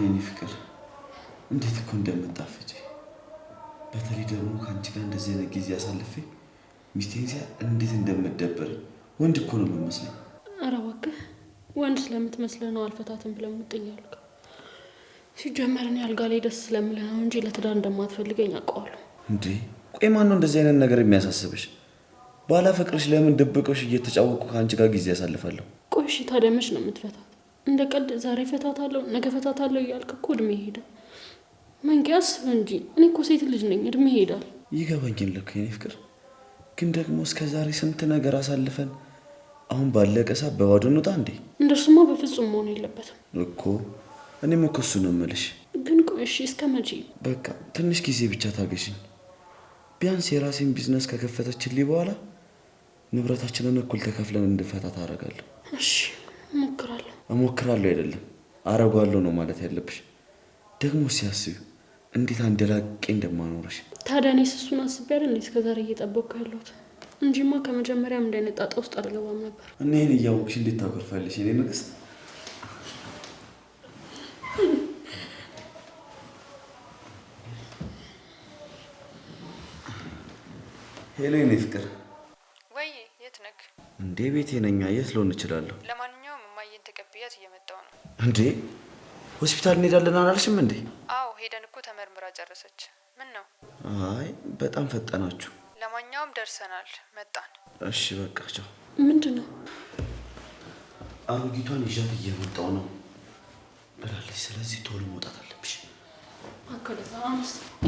የኔ ፍቅር እንዴት እኮ እንደምጣፍጭ በተለይ ደግሞ ከአንቺ ጋር እንደዚህ አይነት ጊዜ አሳልፌ ሚስቴን ሲያ እንዴት እንደምደበር ወንድ እኮ ነው የምመስለው። ኧረ እባክህ ወንድ ስለምትመስለ ነው አልፈታትም ብለህ ሙጥኝ ያልከው። ሲጀመር እኔ አልጋ ላይ ደስ ስለምልህ ነው እንጂ ለትዳር እንደማትፈልገኝ አውቀዋለሁ። እንዴ ቆይ ማነው እንደዚህ አይነት ነገር የሚያሳስብሽ? ባላፈቅርሽ ለምን ድብቅሽ እየተጫወቅኩ ከአንቺ ጋር ጊዜ ያሳልፋለሁ? ቆይ እሺ ታዲያ መች ነው የምትፈታት? እንደ ቀልድ ዛሬ ፈታታለሁ ነገ ፈታታለሁ እያልክ እኮ እድሜ ይሄዳል። መንጌ አስብ እንጂ እኔ እኮ ሴት ልጅ ነኝ፣ እድሜ ይሄዳል። ይገባኝ እኮ የኔ ፍቅር፣ ግን ደግሞ እስከ ዛሬ ስንት ነገር አሳልፈን አሁን ባለቀ ሳ በባዶ እንውጣ እንዴ? እንደርሱማ በፍጹም መሆን የለበትም እኮ። እኔም እኮ እሱ ነው የምልሽ። ግን ቆይ እሺ እስከ መቼ? በቃ ትንሽ ጊዜ ብቻ ታገሽኝ። ቢያንስ የራሴን ቢዝነስ ከከፈተችልኝ በኋላ ንብረታችንን እኩል ተከፍለን እንድፈታ ታደርጋለሁ። እሺ እሞክራለሁ። እሞክራለሁ አይደለም አረጓለሁ ነው ማለት ያለብሽ። ደግሞ ሲያስብ እንዴት ላቄ እንደማኖረሽ ታዲያ። እኔስ እሱን አስቤ አይደል እስከዛሬ እየጠበቅኩ ያለሁት እንጂማ ከመጀመሪያም እንዳይነጣጣ ጣጣ ውስጥ አልገባም ነበር። እና ይህን እያወቅሽ እንዴት ታኮርፋለሽ? እኔ ንግስት ሄሎ፣ የኔ ፍቅር። ወይ የት ነህ እንዴ? ቤቴ ነኝ። የት ልሆን እችላለሁ? ይዣት እየመጣው ነው። እንዴ ሆስፒታል እንሄዳለን አላልሽም እንዴ? አዎ ሄደን እኮ ተመርምራ ጨረሰች። ምን ነው? አይ በጣም ፈጠናችሁ። ለማንኛውም ደርሰናል፣ መጣን። እሺ በቃ ቻው። ምንድን ነው? አሮጊቷን ይዣት እየመጣው ነው ብላለች። ስለዚህ ቶሎ መውጣት አለብሽ።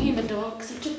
ይህ መደባበቅ ስልችት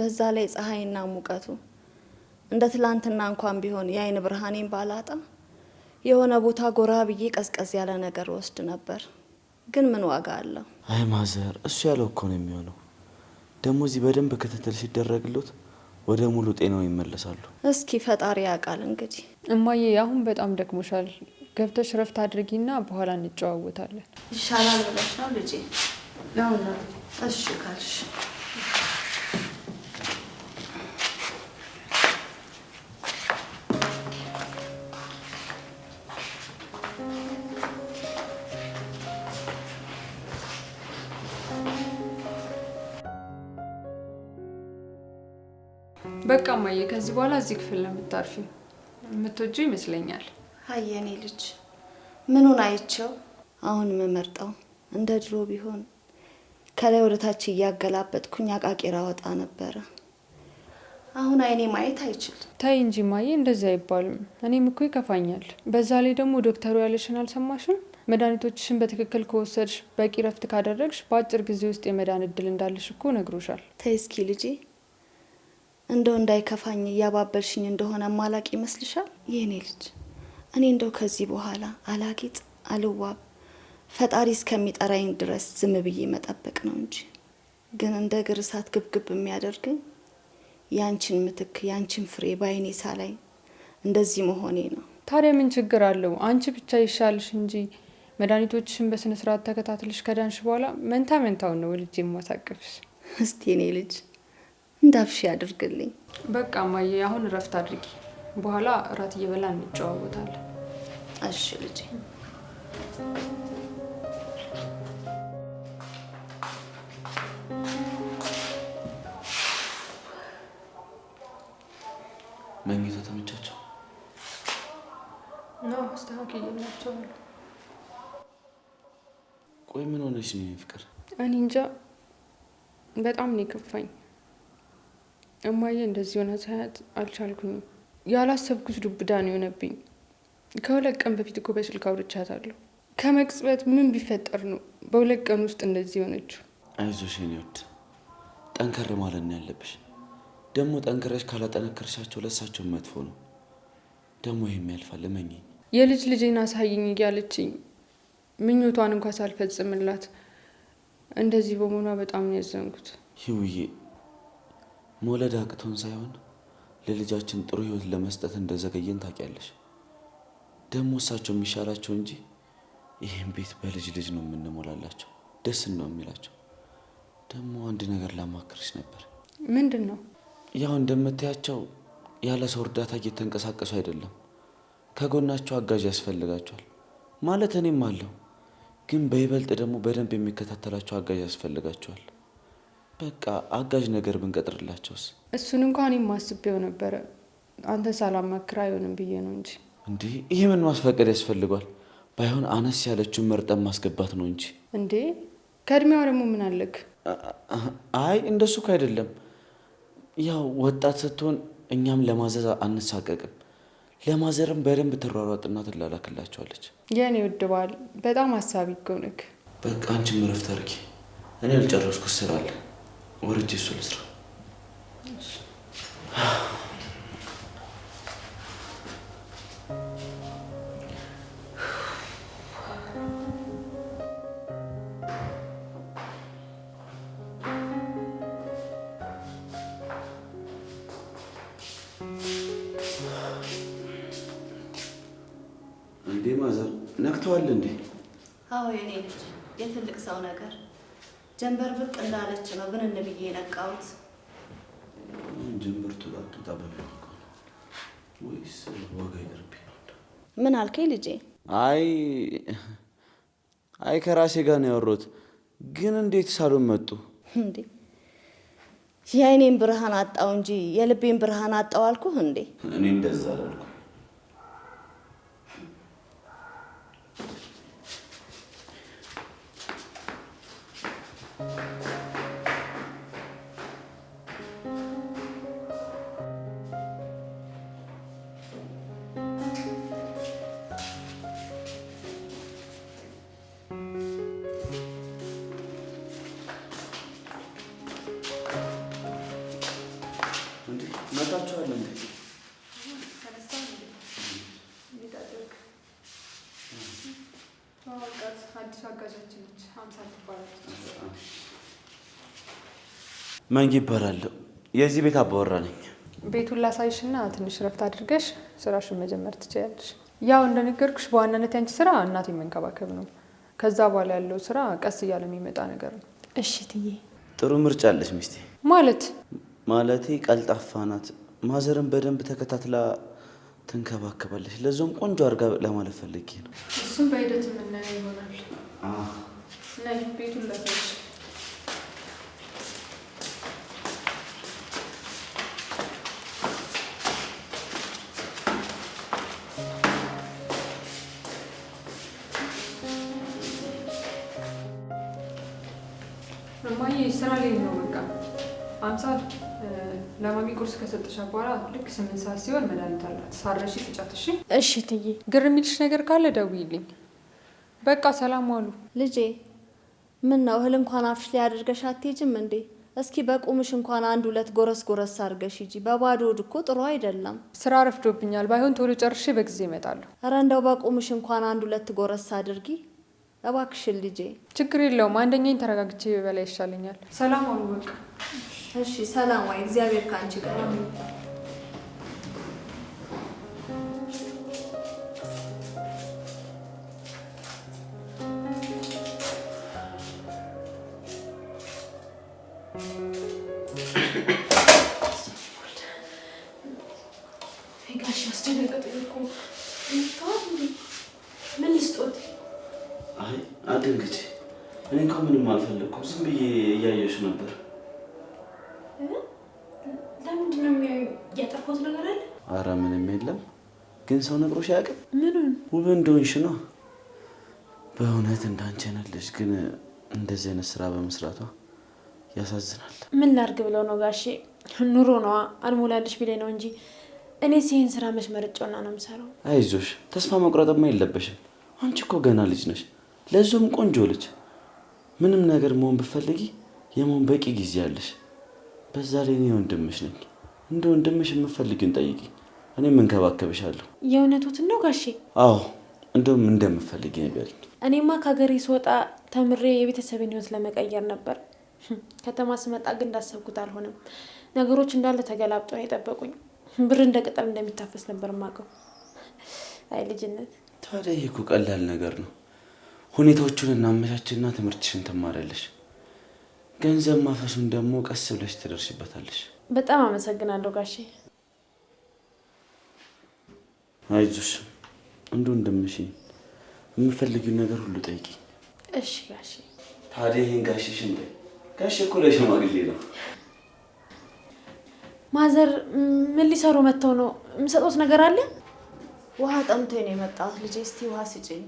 በዛ ላይ ፀሐይና ሙቀቱ እንደ ትላንትና እንኳን ቢሆን የአይን ብርሃኔን ባላጣ የሆነ ቦታ ጎራ ብዬ ቀዝቀዝ ያለ ነገር ወስድ ነበር። ግን ምን ዋጋ አለው? አይ ማዘር፣ እሱ ያለው እኮ ነው የሚሆነው። ደግሞ እዚህ በደንብ ክትትል ሲደረግሎት ወደ ሙሉ ጤናው ይመለሳሉ። እስኪ ፈጣሪ ያውቃል። እንግዲህ እማዬ፣ አሁን በጣም ደክሞሻል። ገብተሽ ረፍት አድርጊና በኋላ እንጨዋወታለን። ይሻላል ብለሽ ነው ልጄ? እሺ ካልሽ በቃ ማየ፣ ከዚህ በኋላ እዚህ ክፍል ነው የምታርፊ። የምትወጁ ይመስለኛል። አየኔ ልጅ ምኑን አይቸው። አሁን የምመርጠው እንደ ድሮ ቢሆን ከላይ ወደ ታች እያገላበጥኩኝ አቃቂራ ወጣ ነበረ። አሁን አይኔ ማየት አይችል። ታይ እንጂ ማየ፣ እንደዚህ አይባልም። እኔም እኮ ይከፋኛል። በዛ ላይ ደግሞ ዶክተሩ ያለሽን አልሰማሽም? መድኃኒቶችሽን በትክክል ከወሰድሽ፣ በቂ ረፍት ካደረግሽ በአጭር ጊዜ ውስጥ የመዳን እድል እንዳለሽ እኮ ነግሮሻል። ተይ እስኪ ልጄ እንደው እንዳይከፋኝ እያባበልሽኝ እንደሆነ ማላቅ ይመስልሻል? የእኔ ልጅ እኔ እንደው ከዚህ በኋላ አላጌጥ አልዋብ ፈጣሪ እስከሚጠራኝ ድረስ ዝም ብዬ መጠበቅ ነው እንጂ ግን እንደ እግር እሳት ግብግብ የሚያደርገኝ ያንቺን ምትክ ያንቺን ፍሬ ባይኔ ላይ እንደዚህ መሆኔ ነው። ታዲያ ምን ችግር አለው? አንቺ ብቻ ይሻልሽ እንጂ መድኃኒቶችሽን በስነስርዓት ተከታትልሽ ከዳንሽ በኋላ መንታ መንታውን ነው ልጅ የማሳቅፍሽ። እስቲ እኔ ልጅ እንዳፍሽ ያድርግልኝ። በቃ ማየ፣ አሁን እረፍት አድርጊ። በኋላ እራት እየበላ እንጨዋወታለን። እሺ ልጄ። መኝታ ተመቻቸው? አስተካክዬ ናቸዋለሁ። ቆይ ምን ሆነሽ ነው ፍቅር? እኔ እንጃ፣ በጣም ነው የከፋኝ። እማዬ እንደዚህ ሆና ሳያት አልቻልኩኝም። ያላሰብኩት ዱብዳን የሆነብኝ። ከሁለት ቀን በፊት እኮ በስልክ አውርቻታለሁ። ከመቅጽበት ምን ቢፈጠር ነው በሁለት ቀን ውስጥ እንደዚህ የሆነችው? አይዞሽ የኔ ጠንከር ማለት ነው ያለብሽ። ደግሞ ጠንክረሽ ካላጠነከርሻቸው ለእሳቸው መጥፎ ነው። ደግሞ ይህም ያልፋል። እመኝ የልጅ ልጄን አሳይኝ እያለችኝ ምኞቷን እንኳ ሳልፈጽምላት እንደዚህ በመሆኗ በጣም ነው ያዘንኩት። ይውዬ መውለድ አቅቶን ሳይሆን ለልጃችን ጥሩ ህይወት ለመስጠት እንደዘገየን ታውቂያለሽ። ደግሞ እሳቸው የሚሻላቸው እንጂ ይህን ቤት በልጅ ልጅ ነው የምንሞላላቸው። ደስ ነው የሚላቸው። ደግሞ አንድ ነገር ላማክርሽ ነበር። ምንድን ነው? ያው እንደምታያቸው ያለ ሰው እርዳታ እየተንቀሳቀሱ አይደለም። ከጎናቸው አጋዥ ያስፈልጋቸዋል። ማለት እኔም አለው፣ ግን በይበልጥ ደግሞ በደንብ የሚከታተላቸው አጋዥ ያስፈልጋቸዋል። በቃ አጋዥ ነገር ብንቀጥርላቸውስ? እሱን እንኳን የማስቤው ነበረ። አንተ ሳላማክር አይሆንም ብዬ ነው እንጂ። እንዲህ ይህ ምን ማስፈቀድ ያስፈልጓል? ባይሆን አነስ ያለችውን መርጠን ማስገባት ነው እንጂ። እንዴ ከእድሜዋ ደግሞ ምን አለክ? አይ እንደሱ እኮ አይደለም። ያው ወጣት ስትሆን እኛም ለማዘዝ አንሳቀቅም። ለማዘርም በደንብ ትሯሯጥና ትላላክላቸዋለች። የኔ ውድ ባል በጣም አሳቢ እኮ ነክ። በቃ አንቺም እረፍት አድርጊ፣ እኔ አልጨረስኩ ስራ አለ። ወርጄ እሱ ልስራ። እንዴ ማዘር ነቅተዋል እንዴ? አዎ የኔ ልጅ የትልቅ ሰው ነገር ጀንበር ብቅ እንዳለች ነው ግን እን የነቃሁት። ጀንበር ወይስ ዋጋ ይደርብኝ ምን አልከኝ ልጄ? አይ አይ ከራሴ ጋር ነው ያወራሁት። ግን እንዴት ሳሎን መጡ እንዴ? የአይኔን ብርሃን አጣው እንጂ የልቤን ብርሃን አጣው አልኩህ እንዴ? እኔ እንደዛ አላልኩም። መንግ ይባላለሁ። የዚህ ቤት አባወራ ነኝ። ቤቱን ላሳይሽና ትንሽ ረፍት አድርገሽ ስራሽን መጀመር ትችያለሽ። ያው እንደነገርኩሽ በዋናነት ያንቺ ስራ እናቴ መንከባከብ ነው። ከዛ በኋላ ያለው ስራ ቀስ እያለ የሚመጣ ነገር ነው። እሺ ትዬ፣ ጥሩ ምርጫ አለሽ ሚስቴ። ማለት ማለቴ ቀልጣፋ ናት። ማዘርን በደንብ ተከታትላ ትንከባከባለች። ለዚም ቆንጆ አድርጋ ለማለት ፈልጌ ነው። እሱም በሂደት የምናየው ይሆናል። ነይ ቤቱን ለሰች እማዬ ስራ ላይ ነው። በቃ አምሳል ለማሚ ቁርስ ከሰጠሻ በኋላ ልክ ስምንት ሰዓት ሲሆን መድኃኒት አላት ሳረሽ ፍጫት። እሺ እሺ፣ ትዬ ግር የሚልሽ ነገር ካለ ደውይልኝ። በቃ ሰላም ዋሉ ልጄ። ምን ነው እህል እንኳን አፍሽ ላይ አድርገሽ አትሄጂም እንዴ? እስኪ በቁምሽ እንኳን አንድ ሁለት ጎረስ ጎረስ አድርገሽ ሂጂ። በባዶ ሆድ እኮ ጥሩ አይደለም። ስራ ረፍዶብኛል። ባይሆን ቶሎ ጨርሼ በጊዜ ይመጣሉ እረ እንደው በቁምሽ እንኳን አንድ ሁለት ጎረስ አድርጊ እባክሽን ልጄ። ችግር የለውም። አንደኛኝ ተረጋግቼ በላይ ይሻለኛል። ሰላም አሉ። በቃ እሺ፣ ሰላም። እግዚአብሔር ከአንቺ ጋር ምን ይስጦት? አይ አድንግጭ። እኔ እንኳ ምንም አልፈለግኩም። ዝም ብዬ እያየሽ ነበር። ለምንድን ነው ያጠፋሁት ነገር አለ? አረ ምንም የለም። ግን ሰው ነግሮሽ አያውቅም? ምኑን? ውብ እንደሆንሽ ነው። በእውነት እንዳንቺ አይነት ልጅ ግን እንደዚህ አይነት ስራ በመስራቷ ያሳዝናል። ምን ላርግ ብለው ነው ጋሼ? ኑሮ ነዋ አልሞላልሽ ቢላይ ነው እንጂ እኔ ሲህን ስራ መች መርጬውና ነው የምሰራው። አይዞሽ፣ ተስፋ መቁረጥማ የለበሽም። አንቺ እኮ ገና ልጅ ነሽ፣ ለዚሁም ቆንጆ ልጅ። ምንም ነገር መሆን ብፈልጊ የመሆን በቂ ጊዜ አለሽ። በዛ ላይ እኔ ወንድምሽ ነኝ። እንደ ወንድምሽ የምፈልግን ጠይቂ፣ እኔም እንከባከብሻለሁ። የእውነቱትን ነው ጋሼ? አዎ፣ እንደውም እንደምትፈልጊ ነገር። እኔማ ከሀገሬ ስወጣ ተምሬ የቤተሰብን ህይወት ለመቀየር ነበር ከተማ ስመጣ ግን እንዳሰብኩት አልሆነም። ነገሮች እንዳለ ተገላብጦ ነው የጠበቁኝ። ብር እንደ ቅጠል እንደሚታፈስ ነበር ማቀው አይ ልጅነት። ታዲያ ይህ እኮ ቀላል ነገር ነው። ሁኔታዎቹን እናመቻችና ትምህርትሽን ትማሪያለሽ። ገንዘብ ማፈሱን ደግሞ ቀስ ብለሽ ትደርሽበታለሽ። በጣም አመሰግናለሁ ጋሼ። አይዞሽ እንዱ እንደምሽ የምፈልጊውን ነገር ሁሉ ጠይቂ። እሺ ጋሼ። ታዲያ ይህን ጋሼሽ ጋሽ እኮ ለሽማግሌ ነው። ማዘር ምን ሊሰሩ መጥተው ነው? የምሰጡት ነገር አለ። ውሃ ጠምቶኝ ነው የመጣሁት። ልጄ እስኪ ውሃ ስጭኝ።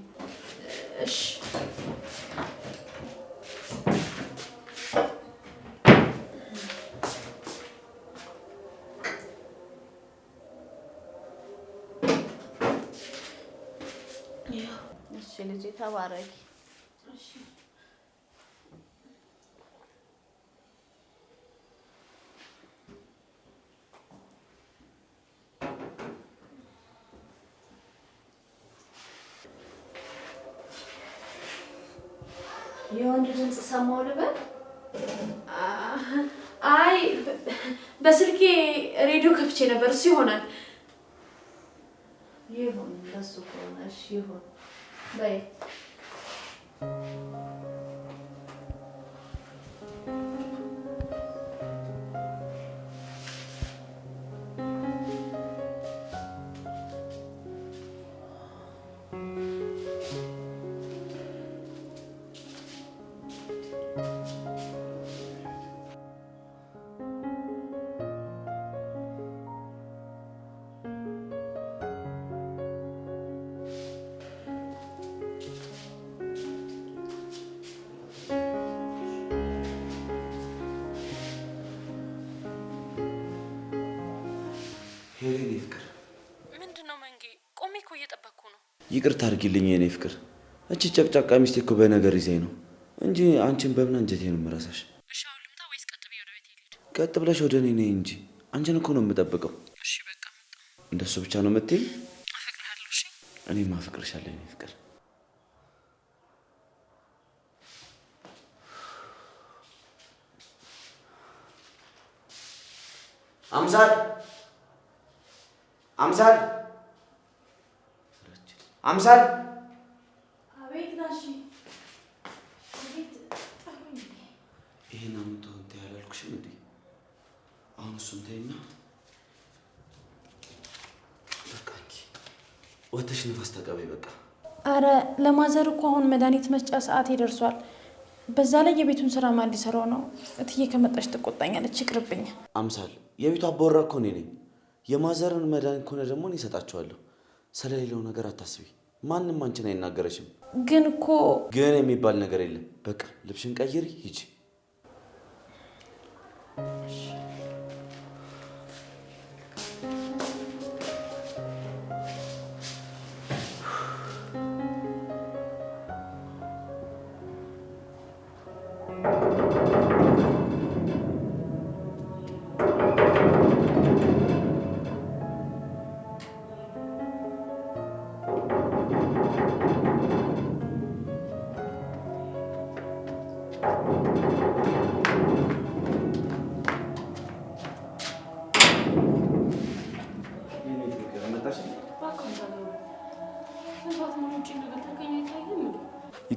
እሺ ልጄ ተባረኪ። ሰማሁ ልበል? አይ በስልኬ ሬዲዮ ከፍቼ ነበር። እሱ ይሆናል። ይሁን፣ እንደሱ ከሆነ እሺ፣ ይሁን በይ ይቅርታ አድርጊልኝ የኔ ፍቅር። እቺ ጨቅጫቃ ሚስቴ እኮ በነገር ይዛኝ ነው እንጂ አንቺን በምን አንጀቴ ነው የምረሳሽ? ቀጥ ብለሽ ወደ እኔ ነይ እንጂ አንቺን እኮ ነው የምጠብቀው። እንደሱ ብቻ ነው የምትይኝ? እኔ እሺ የኔ ፍቅር። አምሳል አምሳል አምሳል አቤት ጋሺ ይሄን አምጣው እንትን ያላልኩሽም እንዴ? አሁን እሱን ተይና በቃ እንጂ ወተሽ ንፋስ ተቀበይ በቃ። አረ ለማዘር እኮ አሁን መድኃኒት መስጫ ሰዓት ይደርሷል። በዛ ላይ የቤቱን ስራ ማን ሊሰራው ነው? እትዬ ከመጣሽ ትቆጣኛለች። ይቅርብኝ። አምሳል የቤቱ አባወራ እኮ እኔ ነኝ። የማዘርን መድኃኒት ከሆነ ደግሞ እኔ እሰጣቸዋለሁ። ስለሌለው ነገር አታስቢ። ማንም አንቺን አይናገረሽም። ግን እኮ ግን የሚባል ነገር የለም። በቃ ልብሽን ቀይሪ ሂጂ።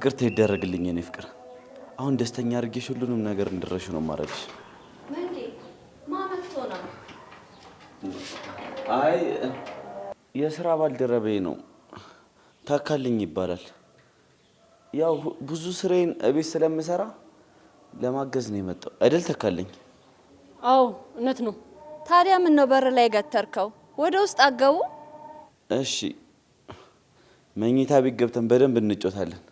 ይቅርታ ይደረግልኝ የኔ ፍቅር። አሁን ደስተኛ አድርጌሽ ሁሉንም ነገር እንድረሹ ነው ማረግሽ። አይ የስራ ባልደረቤ ነው ታካልኝ ይባላል። ያው ብዙ ስሬን እቤት ስለምሰራ ለማገዝ ነው የመጣው አይደል ተካልኝ? አዎ እውነት ነው። ታዲያ ምን ነው በር ላይ ገተርከው? ወደ ውስጥ አገቡ። እሺ መኝታ ቤት ገብተን በደንብ እንጮታለን።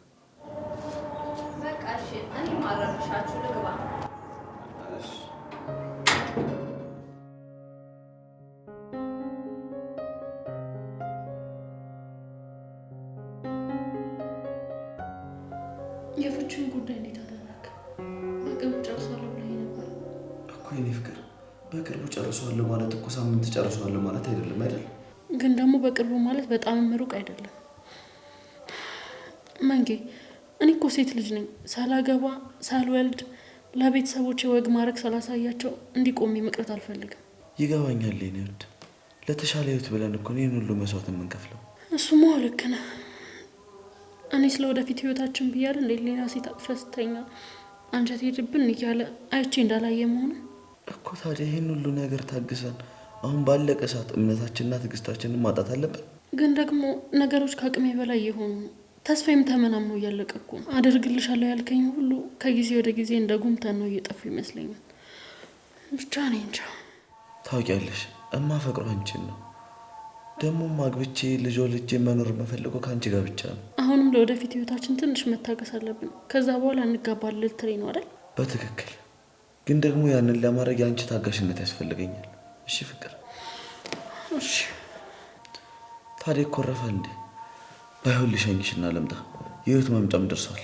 ሴት ልጅ ነኝ። ሳላገባ ሳልወልድ ለቤተሰቦች ወግ ማድረግ ስላሳያቸው እንዲቆሜ መቅረት አልፈልግም። ይገባኛል። ኔ ውድ ለተሻለ ህይወት ብለን እኮ ይህን ሁሉ መስዋዕት የምንከፍለው። እሱማ ልክ ነህ። እኔ ስለ ወደፊት ህይወታችን ብያለ እንዴ ሌላ ሴት አቅፈስተኛ አንጀት ሄድብን እያለ አይቼ እንዳላየ መሆኑ እኮ። ታዲያ ይህን ሁሉ ነገር ታግሰን አሁን ባለቀ ሰዓት እምነታችንና ትዕግስታችንን ማጣት አለብን። ግን ደግሞ ነገሮች ከአቅሜ በላይ የሆኑ ተስፋዬም ተመናምኖ እያለቀ እኮ ነው። አደርግልሻለሁ ያልከኝ ሁሉ ከጊዜ ወደ ጊዜ እንደ ጉምተን ነው እየጠፉ ይመስለኛል። ብቻ እኔ እንጃ። ታውቂያለሽ እማፈቅረው አንቺን ነው። ደግሞም አግብቼ ልጆ ልጄ መኖር የምፈልገው ከአንቺ ጋር ብቻ ነው። አሁንም ለወደፊት ህይወታችን ትንሽ መታገስ አለብን። ከዛ በኋላ እንጋባለን ልትለኝ ነው አይደል? በትክክል ግን ደግሞ ያንን ለማድረግ የአንቺ ታጋሽነት ያስፈልገኛል። እሺ ፍቅር። እሺ ታዲያ ይኮረፋል እንዴ? ባይሆን ልሸኝሽና ልምጣ። የህይወት መምጫም ደርሷል።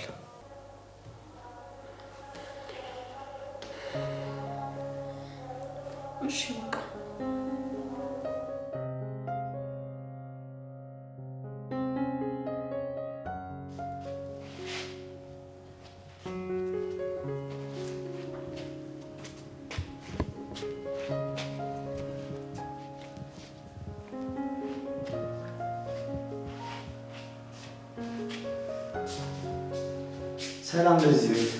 እሺ ሰላም ለዚህ ቤት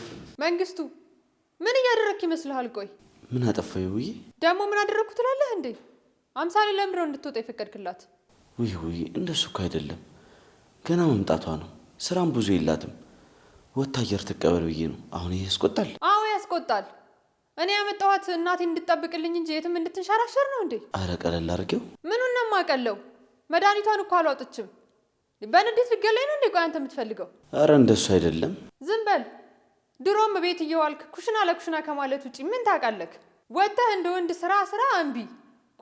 መንግስቱ፣ ምን እያደረግክ ይመስልሃል? ቆይ ምን አጠፋኝ? ውይ ደግሞ ምን አደረግኩ ትላለህ እንዴ? አምሳሌ ለምድረው እንድትወጣ የፈቀድክላት? ውይ ውይ፣ እንደሱ እኮ አይደለም። ገና መምጣቷ ነው። ስራም ብዙ የላትም። ወታ አየር ትቀበል ብዬ ነው። አሁን ይህ ያስቆጣል። አዎ ያስቆጣል። እኔ ያመጣኋት እናቴ እንድጠብቅልኝ እንጂ የትም እንድትንሸራሸር ነው እንዴ? አረ ቀለል አድርጌው። ምኑን ነው የማቀለው? መድኃኒቷን እኮ አልዋጥችም። በንዴት ልገላይ ነው እንዴ? ቆይ አንተ የምትፈልገው? አረ እንደሱ አይደለም። ዝም በል። ድሮም ቤት እየዋልክ ኩሽና ለኩሽና ከማለት ውጪ ምን ታውቃለህ? ወጥተህ እንደ ወንድ ስራ ስራ እምቢ።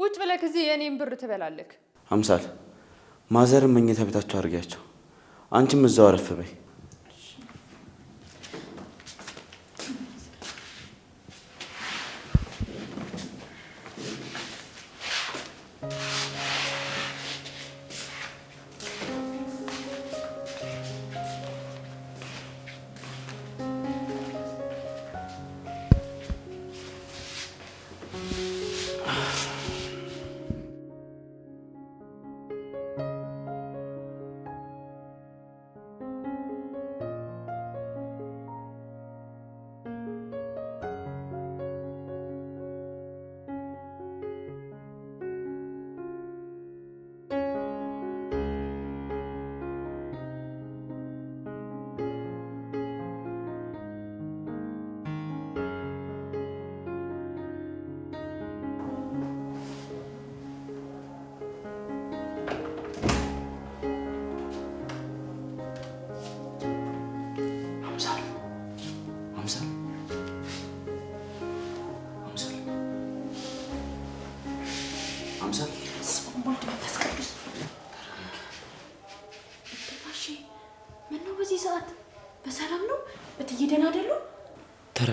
ቁጭ ብለህ እዚህ የእኔን ብር ትበላለህ። አምሳል ማዘርን መኝታ ቤታቸው አድርጊያቸው፣ አንቺም እዛው አረፍ በይ።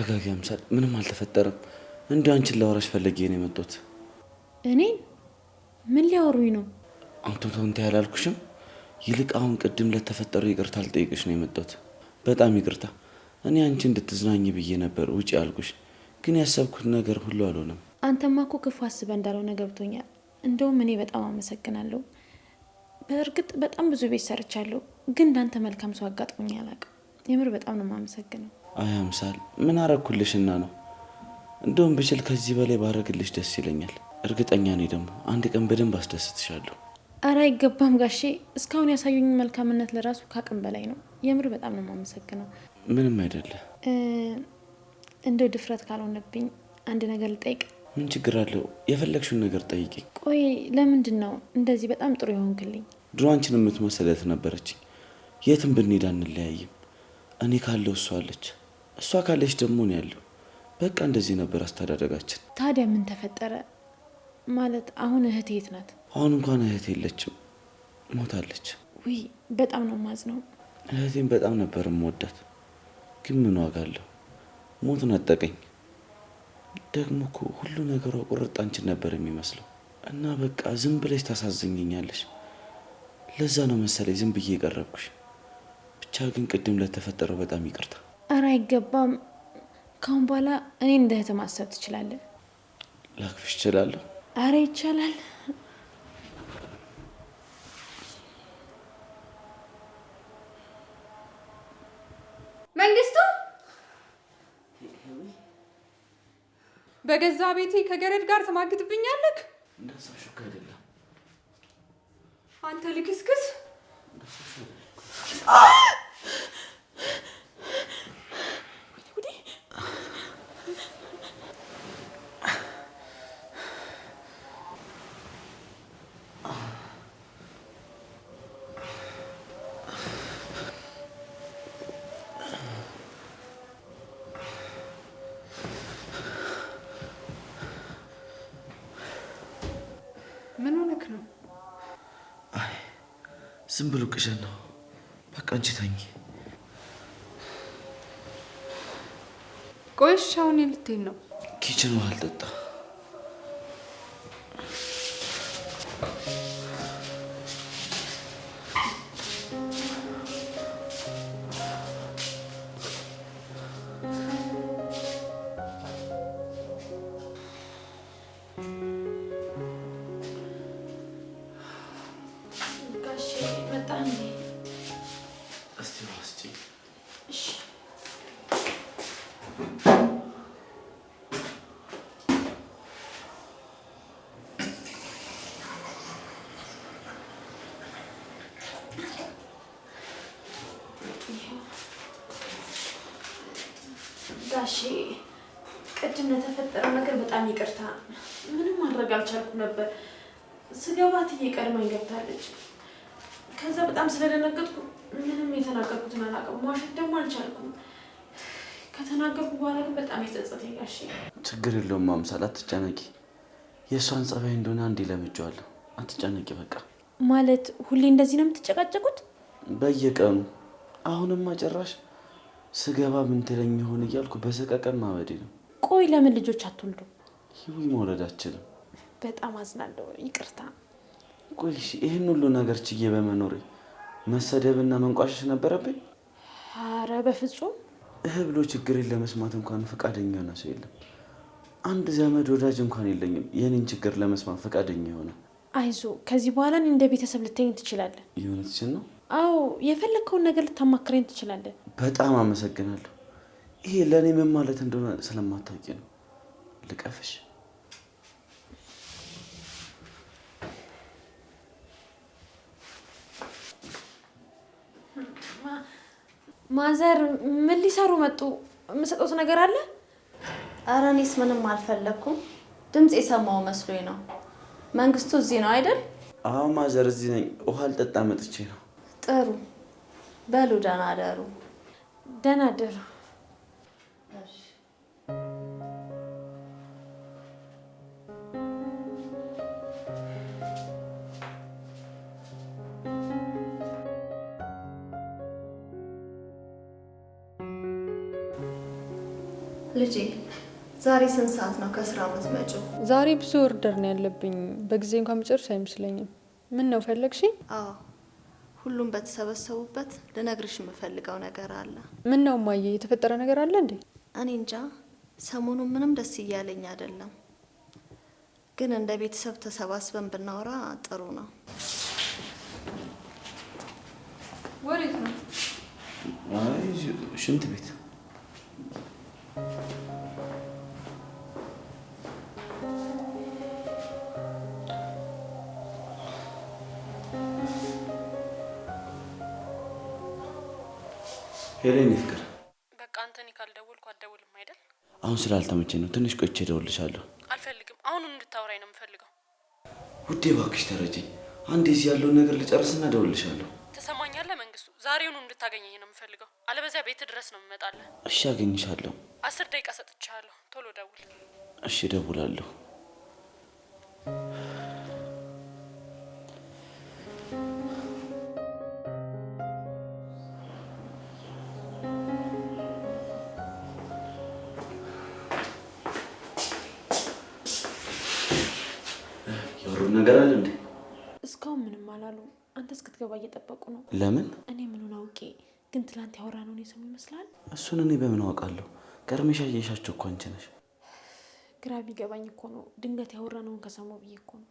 ተረጋጊ አምሳል፣ ምንም አልተፈጠረም። እንዲሁ አንቺን ላወራሽ ፈለጌ ነው የመጡት። እኔን ምን ሊያወሩኝ ነው? አንቱ ተውንታ ያላልኩሽም። ይልቅ አሁን ቅድም ለተፈጠረው ይቅርታ ልጠይቅሽ ነው የመጡት። በጣም ይቅርታ። እኔ አንቺ እንድትዝናኝ ብዬ ነበር ውጭ ያልኩሽ፣ ግን ያሰብኩት ነገር ሁሉ አልሆነም። አንተማ እኮ ክፉ እንዳለው እንዳልሆነ ገብቶኛል። እንደውም እኔ በጣም አመሰግናለሁ። በእርግጥ በጣም ብዙ ቤት ሰርቻለሁ፣ ግን እንዳንተ መልካም ሰው አጋጥሞኝ አላውቅም። የምር በጣም ነው የማመሰግነው። አይ አምሳል ምን አረግኩልሽና ነው? እንደውም ብችል ከዚህ በላይ ባረግልሽ ደስ ይለኛል። እርግጠኛ ነኝ ደግሞ አንድ ቀን በደንብ አስደስትሻለሁ። አረ አይገባም ጋሼ፣ እስካሁን ያሳዩኝ መልካምነት ለራሱ ከአቅም በላይ ነው። የምር በጣም ነው የማመሰግነው። ምንም አይደለ። እንደው ድፍረት ካልሆነብኝ አንድ ነገር ልጠይቅ። ምን ችግር አለው? የፈለግሽውን ነገር ጠይቂ። ቆይ ለምንድን ነው እንደዚህ በጣም ጥሩ የሆንክልኝ? ድሮ አንቺን የምትመስለት ነበረችኝ። የትም ብንሄድ አንለያይም። እኔ ካለው እሷ አለች። እሷ ካለች ደግሞ ነው ያለው። በቃ እንደዚህ ነበር አስተዳደጋችን። ታዲያ ምን ተፈጠረ ማለት? አሁን እህት የት ናት? አሁን እንኳን እህት የለችም፣ ሞታለች። ውይ በጣም ነው ማዝነው። እህቴን በጣም ነበር የምወዳት፣ ግን ምን ዋጋ አለው? ሞት ነጠቀኝ። ደግሞ እኮ ሁሉ ነገሯ ቁርጥ አንቺን ነበር የሚመስለው እና በቃ ዝም ብለሽ ታሳዝኝኛለሽ። ለዛ ነው መሰለኝ ዝም ብዬ የቀረብኩሽ። ብቻ ግን ቅድም ለተፈጠረው በጣም ይቅርታ። እረ አይገባም። ካሁን በኋላ እኔ እንደ እህት ማሰብ ትችላለ ላክፍሽ እችላለሁ። አረ ይቻላል። መንግስቱ በገዛ ቤቴ ከገረድ ጋር ተማግጥብኛለክ። እንዳሳሹክ አይደለም አንተ ልክስክስ ዝም ብሎ ቅዠት ነው። በቃ አንቺ ተኝ። ቆይሽ አሁን ልትሄድ ነው? ኪችን ውሃ አልጠጣ ጋሼ ቅድም ለተፈጠረው ነገር በጣም ይቅርታ። ምንም ማድረግ አልቻልኩም ነበር። ስገባ እትዬ ቀድማኝ ገብታለች። ከዛ በጣም ስለደነገጥኩ ምንም የተናገርኩትን አላውቅም። ዋሸት ደግሞ አልቻልኩም። ከተናገርኩ በኋላ ግን በጣም የጸጸተኝ ጋሼ። ችግር የለውም ማምሳል፣ አትጨነቂ። የእሷን ጸባይ እንደሆነ አንዴ ለምጄዋለሁ። አትጨነቂ በቃ። ማለት ሁሌ እንደዚህ ነው የምትጨቃጨቁት? በየቀኑ አሁንማ ጭራሽ ስገባ ምን ትለኝ ይሆን እያልኩ በሰቀቀን ማበዴ ነው። ቆይ ለምን ልጆች አትወልዱ? ህዊ መውለድ አችልም። በጣም አዝናለሁ፣ ይቅርታ። ቆይ ይህን ሁሉ ነገር ችዬ በመኖሬ መሰደብና መንቋሸሽ ነበረብኝ? አረ በፍጹም። እህ ብሎ ችግሬን ለመስማት እንኳን ፈቃደኛ የሆነ ሰው የለም። አንድ ዘመድ ወዳጅ እንኳን የለኝም የኔን ችግር ለመስማት ፈቃደኛ የሆነ። አይዞ ከዚህ በኋላ እንደ ቤተሰብ ልትኝ ትችላለን። የሆነችን ነው አዎ የፈለግከውን ነገር ልታማክረኝ ትችላለህ። በጣም አመሰግናለሁ። ይሄ ለእኔ ምን ማለት እንደሆነ ስለማታውቂ ነው። ልቀፍሽ። ማዘር ምን ሊሰሩ መጡ? የምሰጠውት ነገር አለ? ኧረ እኔስ ምንም አልፈለግኩም። ድምፅ የሰማው መስሎኝ ነው። መንግስቱ እዚህ ነው አይደል? አዎ ማዘር፣ እዚህ ነኝ። ውሃ ልጠጣ መጥቼ ነው። ጥሩ በሉ፣ ደህና ደሩ። ደህና ደሩ። ልጄ ዛሬ ስንት ሰዓት ነው ከስራ የምትመጪው? ዛሬ ብዙ ኦርደር ነው ያለብኝ። በጊዜ እንኳን መጨረስ አይመስለኝም። ምን ነው ፈለግሽኝ? አዎ ሁሉም በተሰበሰቡበት ልነግርሽ የምፈልገው ነገር አለ። ምን ነው እማዬ? የተፈጠረ ነገር አለ እንዴ? እኔ እንጃ፣ ሰሞኑ ምንም ደስ እያለኝ አይደለም። ግን እንደ ቤተሰብ ተሰባስበን ብናወራ ጥሩ ነው። ወዴት ነው? ሽንት ቤት ሄደኝ ፍቅር፣ በቃ አንተን እኔ አደውልም አይደል? አሁን ስላልተመቼ ነው። ትንሽ ቆቼ እደውልልሻለሁ። አልፈልግም። አሁኑ እንድታወራኝ ነው የምፈልገው። ውዴ ባክሽ ተረጂ አንዴ እዚህ ያለውን ነገር ልጨርስና እደውልልሻለሁ። ትሰማኛለህ መንግስቱ? ዛሬውኑ እንድታገኘኝ ነው የምፈልገው። አለበዚያ ቤት ድረስ ነው የምመጣልህ። እሺ፣ አገኝሻለሁ። አስር ደቂቃ ሰጥቻለሁ። ቶሎ ደውል። እሺ፣ ደውላለሁ ያወራ ነውን የሰሙ ይመስላል። እሱን እኔ በምን አውቃለሁ? ቀድመሽ ያየሻቸው እኮ አንቺ ነሽ። ግራ ቢገባኝ እኮ ነው ድንገት ያወራ ነውን ከሰሙ ብዬ እኮ ነው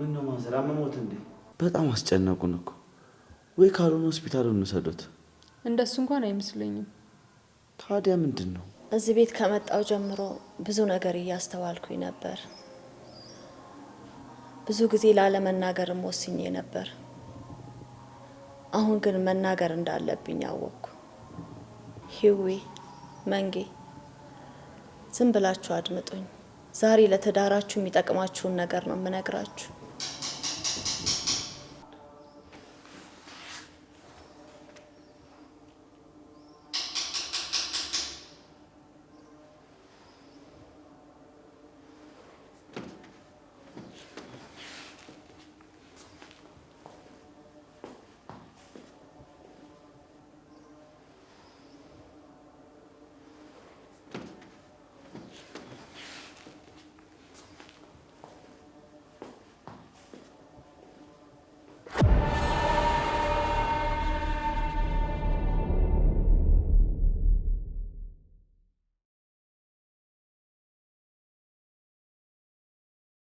ምን ነው ማንሰራ መሞት እንዴ? በጣም አስጨነቁን እኮ። ወይ ካልሆነ ሆስፒታል እንሰዱት። እንደሱ እንኳን አይመስለኝም። ታዲያ ምንድን ነው? እዚህ ቤት ከመጣው ጀምሮ ብዙ ነገር እያስተዋልኩኝ ነበር። ብዙ ጊዜ ላለመናገርም ወስኜ ነበር። አሁን ግን መናገር እንዳለብኝ አወቅኩ። ሂዌ መንጌ፣ ዝም ብላችሁ አድምጡኝ። ዛሬ ለትዳራችሁ የሚጠቅማችሁን ነገር ነው የምነግራችሁ።